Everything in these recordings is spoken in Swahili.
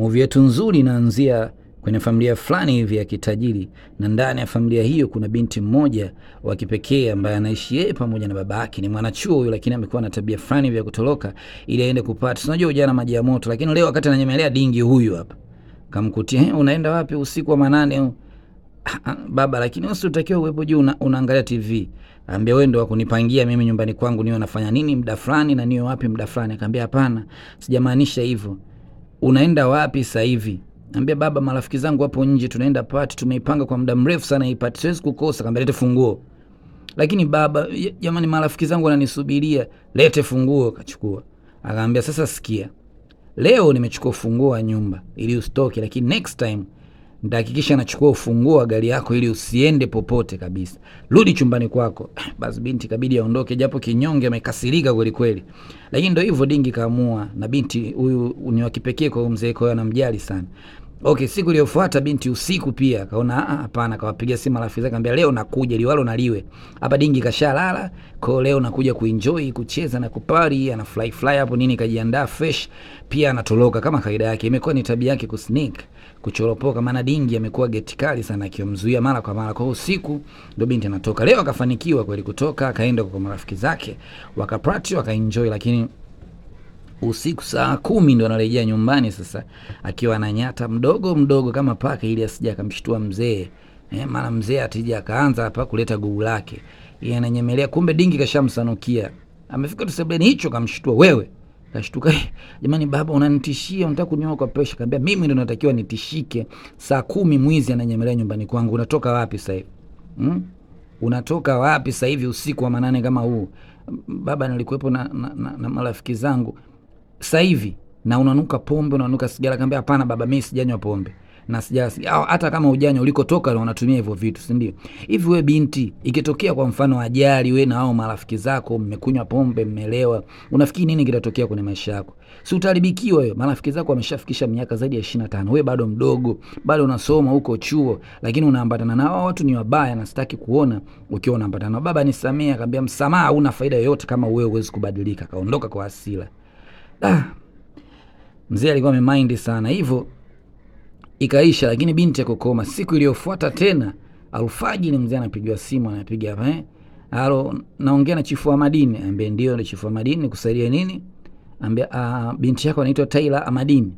Muvi yetu nzuri inaanzia kwenye familia fulani hivi ya kitajiri, na ndani ya familia hiyo kuna binti mmoja wa kipekee ambaye anaishi yeye pamoja na baba yake. Ni mwanachuo huyo, lakini amekuwa na tabia fulani hivi ya kutoroka ili aende kupata, unajua ujana, maji ya moto. Lakini leo wakati ananyemelea dingi, huyu hapa kamkutia, eh, unaenda wapi usiku wa manane ah, ah, baba? Lakini wewe unatakiwa uwepo juu, una, unaangalia TV. Ambia wewe ndio kunipangia mimi nyumbani kwangu niwe nafanya nini muda fulani na niwe wapi muda fulani. Akaambia hapana, sijamaanisha hivyo unaenda wapi sasa hivi? Ambia baba, marafiki zangu hapo nje, tunaenda party, tumeipanga kwa muda mrefu sana hii party, siwezi kukosa. Kaambia lete funguo. Lakini baba, jamani, marafiki zangu wananisubiria, lete funguo. Kachukua akaambia, sasa sikia, leo nimechukua funguo wa nyumba ili usitoke, lakini next time ntahakikisha nachukua ufunguo wa gari yako ili usiende popote kabisa, rudi chumbani kwako. Basi binti kabidi aondoke, japo kinyonge amekasirika kweli kweli, lakini ndo hivyo, Dingi kaamua, na binti huyu ni wa kipekee kwa mzee, kwa hiyo anamjali sana. Okay, siku iliyofuata binti usiku pia kaona ah, ah, hapana, kawapiga simu rafiki zake akamwambia leo nakuja liwalo na liwe. Hapa dingi kashalala, kwa hiyo leo nakuja kuenjoy, kucheza na kupari, ana fly fly hapo nini kajiandaa fresh, pia anatoroka kama kawaida yake. Imekuwa ni tabia yake kusneak, kuchoropoka maana dingi amekuwa geti kali sana akimzuia mara kwa mara. Kwa hiyo usiku ndo binti anatoka. Leo akafanikiwa kweli kutoka, akaenda kwa marafiki zake, wakapati wakaenjoy lakini usiku saa kumi ndo anarejea nyumbani sasa, akiwa ananyata mdogo mdogo kama paka, ili asija akamshtua mzee eh, maana mzee atija akaanza hapa kuleta gugu lake, yeye ananyemelea, kumbe dingi kashamsanukia. Amefika tu sebleni, hicho kamshtua wewe Kashtuka, eh, jamani, baba unanitishia, unataka kunyoa kwa presha. Kaambia mimi ndo natakiwa nitishike. Saa kumi mwizi ananyemelea nyumbani kwangu. Unatoka wapi sasa hivi hmm? Unatoka wapi sasa hivi usiku wa manane kama huu? Baba, nilikuwepo na, na, na, na marafiki zangu sasa hivi na unanuka pombe, unanuka sigara. kambia hapana baba, mimi sijanywa pombe na sijala Hata kama ujanywa, ulikotoka unatumia hivyo vitu, si ndio? Hivi wewe binti, ikitokea kwa mfano ajali, wewe na hao marafiki zako mmekunywa pombe, mmelewa, unafikiri nini kitatokea kwenye maisha yako? Si utaribikiwa wewe? Marafiki zako wameshafikisha miaka zaidi ya 25, wewe bado mdogo, bado unasoma huko chuo, lakini unaambatana na hao watu. Ni wabaya na sitaki kuona ukiwa unaambatana. Baba nisamee, akaambia msamaha una faida yoyote kama wewe uwezi kubadilika. Kaondoka kwa hasira ah, mzee alikuwa amemind sana hivyo ikaisha, lakini binti akokoma. Siku iliyofuata tena alfajiri, mzee anapigiwa simu, anapiga hapa eh, halo, naongea na chifu wa madini. Ambe ndio, ndio chifu wa madini, nikusaidia nini? Ambe ah, binti yako anaitwa Taila Amadini.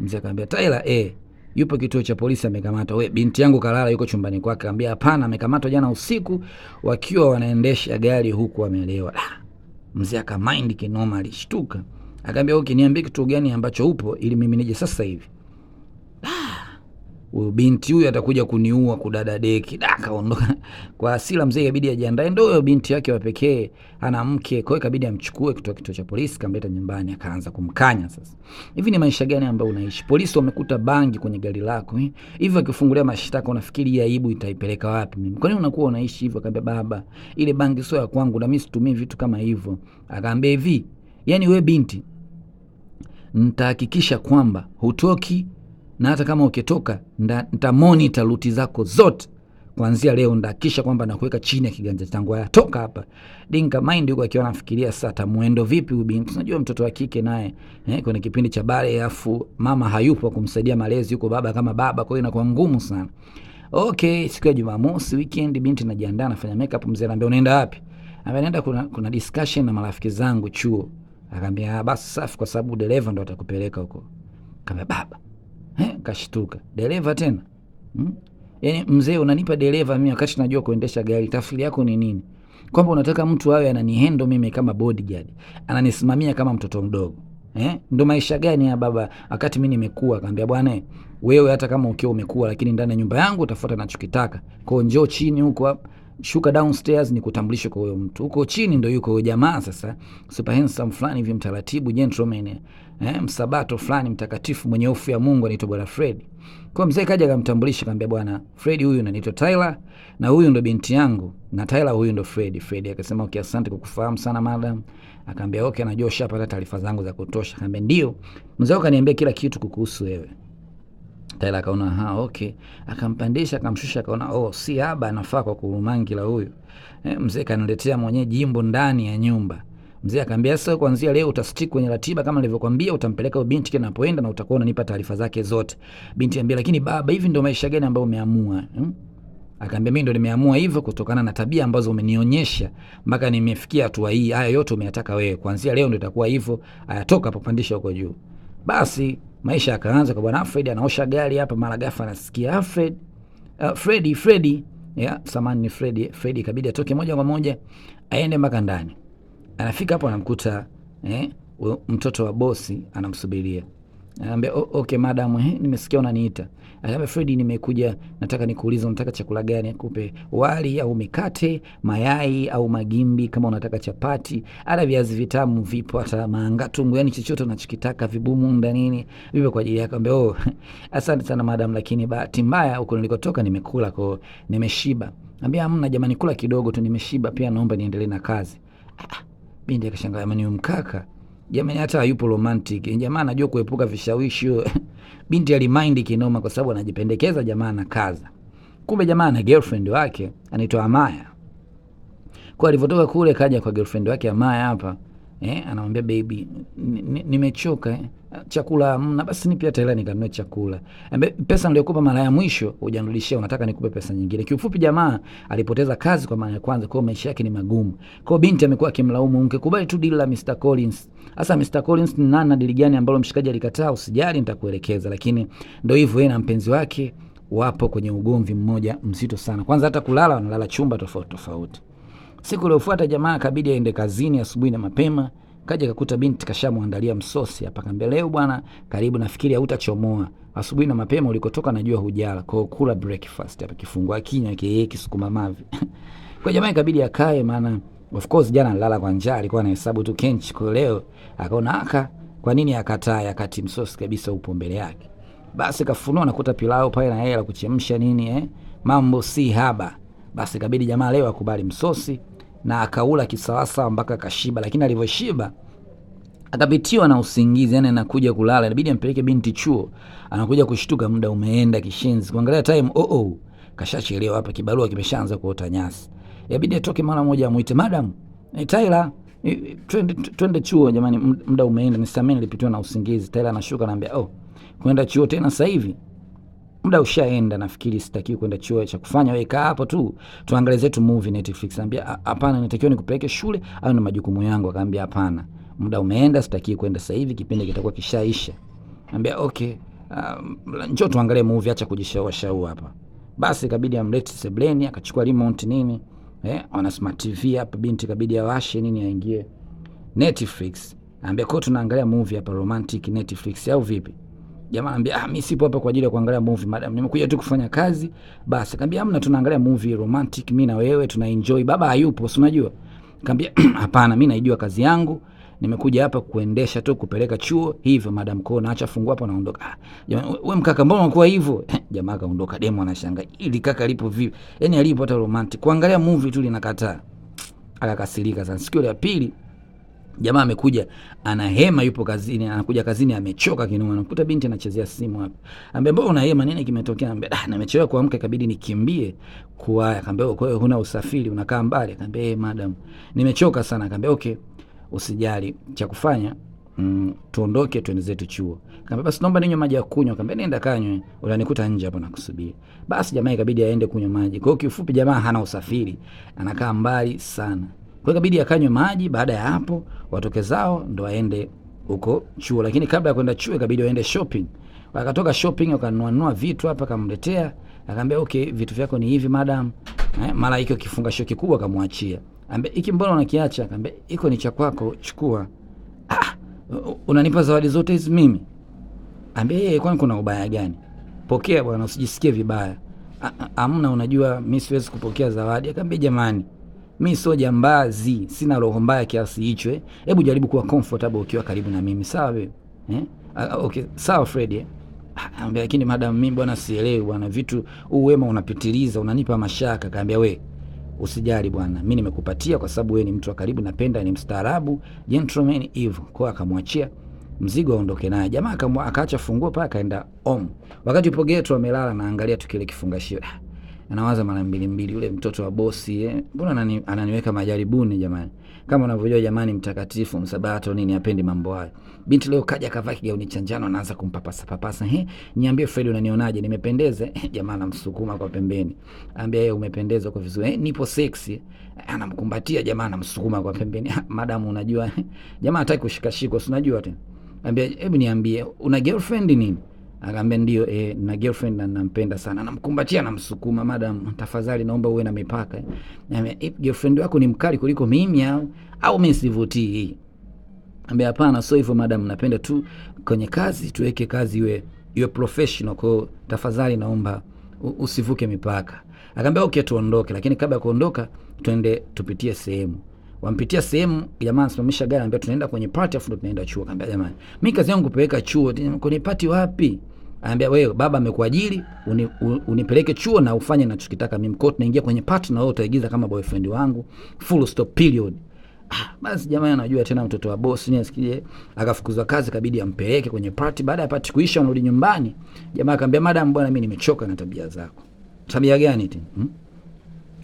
Mzee akamwambia Taila, eh yupo kituo cha polisi amekamatwa. We binti yangu kalala, yuko chumbani kwake. Ambia hapana, amekamatwa jana usiku wakiwa wanaendesha gari huku amelewa. Ah. Mzee akamind kinoma, alishtuka. Akaambia okay, niambie kitu gani ambacho upo ili mimi nije sasa hivi. Ah, huyu binti huyu atakuja kuniua kudada deki. Da, kaondoka. Kwa hasira mzee ikabidi ajiandae, ndio huyo binti yake wa pekee, ana mke, kwa hiyo ikabidi amchukue kutoka kituo cha polisi kamleta nyumbani akaanza kumkanya sasa. Hivi ni maisha gani ambayo unaishi? Polisi wamekuta bangi kwenye gari lako. Eh? Hivi akifungulia mashtaka unafikiri hii aibu itaipeleka wapi mimi? Kwa nini unakuwa unaishi hivyo? Akaambia baba, ile bangi sio ya kwangu na mimi situmii vitu kama hivyo. Akaambia hivi, yani we binti ntahakikisha kwamba hutoki, na hata kama ukitoka ntamonita luti zako zote kwanzia leo. ndakisha kwamba nakuweka chini ya kiganja changu. aya toka hapa. Dinka Mind huko akiwa anafikiria sasa tamuendo vipi huyu binti. Unajua mtoto wa kike naye eh, kwenye kipindi cha bale, afu mama hayupo kumsaidia malezi, yuko baba kama baba, kwa hiyo inakuwa ngumu sana. Okay, siku ya Jumamosi weekend, binti najiandaa, nafanya makeup. Mzee anambia unaenda wapi? anambia naenda kuna, kuna discussion na marafiki zangu chuo Akaambia ah, basi safi, kwa sababu dereva ndo atakupeleka huko. Kama baba eh, kashtuka. Dereva tena hmm? Yani mzee, unanipa dereva mimi wakati najua kuendesha gari. Tafsiri yako ni nini? Kwamba unataka mtu awe ananihendo mimi kama bodyguard, ananisimamia kama mtoto mdogo eh? Ndo maisha gani ya baba wakati mi nimekua? Kaambia bwana, wewe hata kama ukiwa umekua, lakini ndani ya nyumba yangu utafuata nachokitaka. Kwao njoo chini huko hapa shuka downstairs ni kutambulisha kwa huyo mtu. Huko chini ndio yuko jamaa sasa, super handsome fulani hivi, mtaratibu gentleman, eh, msabato fulani mtakatifu, mwenye hofu ya Mungu, anaitwa bwana Fred. Kwa mzee kaja akamtambulisha, akamwambia bwana Fred huyu anaitwa Tyler na huyu ndo binti yangu, na Tyler huyu ndo Fred. Fred akasema okay, asante kwa kufahamu sana madam. Akamwambia okay, najua ushapata taarifa zangu za kutosha. Akamwambia ndio, mzee akaniambia kila kitu kukuhusu wewe. Taila akaona ha, okay, akampandisha akamshusha, akaona oh, si haba anafaa kwa kurumangila huyu. Eh, mzee kaniletea mwenyewe jimbo ndani ya nyumba. Mzee akaambia sasa, kuanzia leo utastick kwenye ratiba kama nilivyokuambia, utampeleka huyo binti kile anapoenda na utakuwa unanipa taarifa zake zote. Binti ambia, lakini baba, hivi ndio maisha gani ambayo umeamua hmm? Akaambia mimi ndo nimeamua hivyo kutokana na tabia ambazo umenionyesha mpaka nimefikia hatua hii. Haya yote umeyataka wewe, kuanzia leo ndo itakuwa hivyo. Ayatoka hapo, pandisha huko juu basi. Maisha yakaanza kwa bwana Alfred anaosha gari hapa, mara ghafla anasikia Alfred, uh, Fredi Freddy, yeah, samani ni fredi fredi Ikabidi atoke moja kwa moja aende mpaka ndani. Anafika hapo anamkuta eh, mtoto wa bosi anamsubiria. Anambia oh, okay madam, eh, nimesikia unaniita. Anambia Fred, nimekuja nataka nikuulize unataka chakula gani nikupe? Wali au mikate, mayai au magimbi kama unataka chapati, ala viazi vitamu vipo hata maanga tungu, yani chochote unachokitaka vibumu nda nini, vipo kwa ajili yako. Anambia oh, asante sana madam, lakini bahati mbaya huko nilikotoka nimekula kwa nimeshiba. Anambia amna jamani, kula kidogo tu nimeshiba, pia naomba niendelee na kazi. Ah, binti ah, akashangaa, mani mkaka jamani, hata hayupo romantic jamaa, anajua kuepuka vishawishi binti alimind kinoma, kwa sababu anajipendekeza jamaa, kaza Kumbe jamaa ana girlfriend wake anaitwa Amaya, kwa alivyotoka kule kaja kwa girlfriend wake Amaya hapa eh, anamwambia baby, nimechoka eh, chakula hamna, basi nipe hata hela nikanunue chakula. Ambe, Pesa niliyokupa mara ya mwisho hujanirudishia, unataka nikupe pesa nyingine. Kiufupi, jamaa alipoteza kazi kwa mara ya kwanza, kwa maisha yake ni magumu. Kwa binti amekuwa akimlaumu mke, kubali tu deal la Mr Collins. Sasa Mr Collins ni nani na deal gani ambalo mshikaji alikataa? Usijali, nitakuelekeza. Lakini ndio hivyo, yeye na mpenzi wake wapo kwenye ugomvi mmoja mzito sana. Kwanza hata kulala wanalala chumba tofauti tofauti. Siku iliyofuata jamaa kabidi aende kazini asubuhi na mapema, kaja kakuta binti kashamwandalia msosi hapa, kaambia leo bwana, karibu nafikiri hautachomoa. Asubuhi na mapema ulikotoka najua hujala, kwa kula breakfast hapa, kifungua kinywa kile kisukuma mavi. Kwa jamaa ikabidi akae, maana of course jana alilala kwa njaa, alikuwa anahesabu tu kench. Kwa leo akaona aka, kwa nini akataa, akati msosi kabisa upo mbele yake. Basi kafunua nakuta pilau pale na yeye la kuchemsha nini, eh, mambo si haba. Basi kabidi jamaa leo akubali msosi na akaula kisawasawa mpaka kashiba, lakini alivyoshiba akapitiwa na usingizi, yani anakuja kulala, inabidi ampeleke binti chuo. Anakuja kushtuka, muda umeenda kishenzi, kuangalia time, oh oh, kashachelewa hapa, kibarua kimeshaanza kuota nyasi. Inabidi atoke mara moja, amuite madam, ni eh, Tyler, eh, twende twende chuo jamani, muda umeenda, nisameni, nilipitiwa na usingizi. Tyler anashuka, anambia oh, kwenda chuo tena sasa hivi? muda ushaenda, nafikiri sitakiwi kwenda chuo cha kufanya wewe, kaa hapo tu tuangalie zetu movie Netflix. Anambia hapana, natakiwa nikupeleke shule au na majukumu yangu. Akaambia hapana, muda umeenda, sitakiwi kwenda sasa hivi, kipindi kitakuwa kishaisha. Anambia okay, um, njoo tuangalie movie, acha kujishawasha shaua hapa. Basi ikabidi amlete sebleni, akachukua remote nini, eh, ana smart TV hapa, binti kabidi awashe nini, aingie Netflix. Anambia kwa tunaangalia movie hapa romantic Netflix au vipi? jamaa anambia ah, mimi sipo hapa kwa ajili ya kuangalia movie madam, nimekuja tu kufanya kazi. Basi kaambia amna, tunaangalia movie romantic, mimi na wewe tuna enjoy. Baba hayupo, si unajua. Kaambia hapana, mimi naijua kazi yangu nimekuja hapa kuendesha tu kupeleka chuo hivyo, madam ko naacha fungu hapo, naondoka. Ah, jamaa wewe mkaka, mbona unakuwa hivyo? Jamaa kaondoka, demo anashangaa ili kaka alipo vipi, yani alipo hata romantic kuangalia movie tu linakataa. Akakasirika sana. Siku ya pili Jamaa amekuja ana hema, yupo kazini, anakuja kazini amechoka kinoma, anakuta binti anachezea simu hapa, ambaye mbona una hema, nini kimetokea? Ambaye ah, nimechelewa kuamka, ikabidi nikimbie kuwaya. Akamwambia kwa hiyo huna usafiri, unakaa mbali? Akamwambia eh, madam, nimechoka sana. Akamwambia okay, usijali, cha kufanya mm, tuondoke twende zetu chuo. Akamwambia basi naomba ninywe maji ya kunywa. Akamwambia nenda kanywe, utanikuta nje hapo nakusubiri. Basi jamaa ikabidi aende kunywa maji. Kwa hiyo kifupi, jamaa hana usafiri, anakaa mbali sana. Kwa ikabidi akanywe maji. Baada ya hapo, watoke zao ndo waende huko chuo, lakini kabla ya kwenda chuo ikabidi waende shopping. Wakatoka shopping wakanunua vitu hapa, akamletea akamwambia, okay, vitu vyako ni hivi madam. Eh, mara hiyo kifunga shio kikubwa akamwachia, ambia hiki mbona unakiacha? Akamwambia, iko ni cha kwako, chukua. Ah, unanipa zawadi zote hizi mimi? Ambia yeye, eh, kwani kuna ubaya gani? Pokea bwana, usijisikie vibaya. Ah, ah, amna, unajua mimi siwezi kupokea zawadi. Akamwambia, jamani mi sio jambazi, sina roho mbaya kiasi hicho eh. Hebu jaribu kuwa comfortable ukiwa karibu na mimi, sawa wewe eh? Okay, sawa Fred eh? Anambia ah, lakini madam, mimi bwana sielewi bwana, vitu huu wema unapitiliza, unanipa mashaka. Kaambia we usijali bwana, mimi nimekupatia kwa sababu wewe ni mtu wa karibu, napenda, ni mstaarabu, gentleman hivyo. Kwa akamwachia mzigo aondoke naye. Jamaa akamwa akaacha funguo pale akaenda home. Wakati upo geto amelala, naangalia tukile kifungashio ah, anawaza mara mbili mbili, yule mtoto wa bosi eh, mbona anani, ananiweka majaribuni jamani? Kama unavyojua jamani, mtakatifu msabato nini, apendi mambo hayo. Binti leo kaja kavaa kigauni cha njano, anaanza kumpapasa papasa, he, eh, niambie Fred, unanionaje? Nimependeze? Eh, jamaa anamsukuma kwa pembeni, anambia yeye eh, umependeza kwa vizuri eh, nipo sexy. Anamkumbatia jamaa, anamsukuma kwa pembeni, madam, unajua jamaa hataki kushikashikwa, si unajua tena, Anambia hebu niambie, una girlfriend nini? akaambia ndio, eh, na girlfriend na nampenda sana. Namkumbatia, namsukuma, madam, tafadhali naomba uwe na mipaka. Niambia, eh, girlfriend wako ni mkali kuliko mimi au au mimi sivutii hii? Niambia, hapana, so hivyo madam, napenda tu kwenye kazi tuweke kazi iwe iwe professional, kwa tafadhali naomba usivuke mipaka. Akaambia okay, tuondoke, lakini kabla ya kuondoka twende tupitie sehemu wampitia sehemu, jamaa simamisha gari, anambia tunaenda kwenye party afu ndo tunaenda chuo. Kaambia jamani, mi kazi yangu kupeleka chuo, kwenye party wapi? Anambia wewe baba amekuajiri uni, unipeleke chuo na ufanye nachokitaka mimi. Kwa tunaingia kwenye partner, wewe utaigiza kama boyfriend wangu. Full stop period. Ah, basi jamani, anajua tena mtoto wa boss ni asikie, akafukuzwa kazi, kabidi ampeleke kwenye party. Baada ya party kuisha, anarudi nyumbani, jamaa akamwambia madam, bwana mimi nimechoka na tabia zako. Tabia gani tena? Hmm?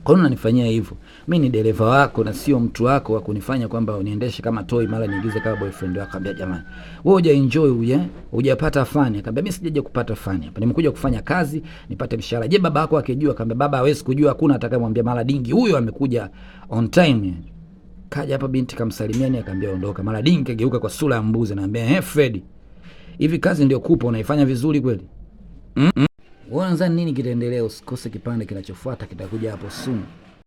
Kwa nini unanifanyia hivyo? Mi ni dereva wako na sio mtu wako wa kunifanya kwamba uniendeshe kama toy mara niingize kama boyfriend wako. Akambia jamani, wewe huja enjoy huja, eh? hujapata fani. Akambia mimi sijaje kupata fani hapa. Nimekuja kufanya kazi, nipate mshahara. Je, baba yako akijua? Akambia baba hawezi kujua, hakuna atakayemwambia mara dingi. Huyo amekuja on time. Kaja hapa binti kamsalimiani, akambia ondoka. Mara dingi kageuka kwa sura ya mbuzi, naambia eh, Fred. Hivi kazi ndio kupa unaifanya vizuri kweli? Mm -mm. Wewe unadhani nini kitaendelea? Usikose kipande kinachofuata, kitakuja hapo soon.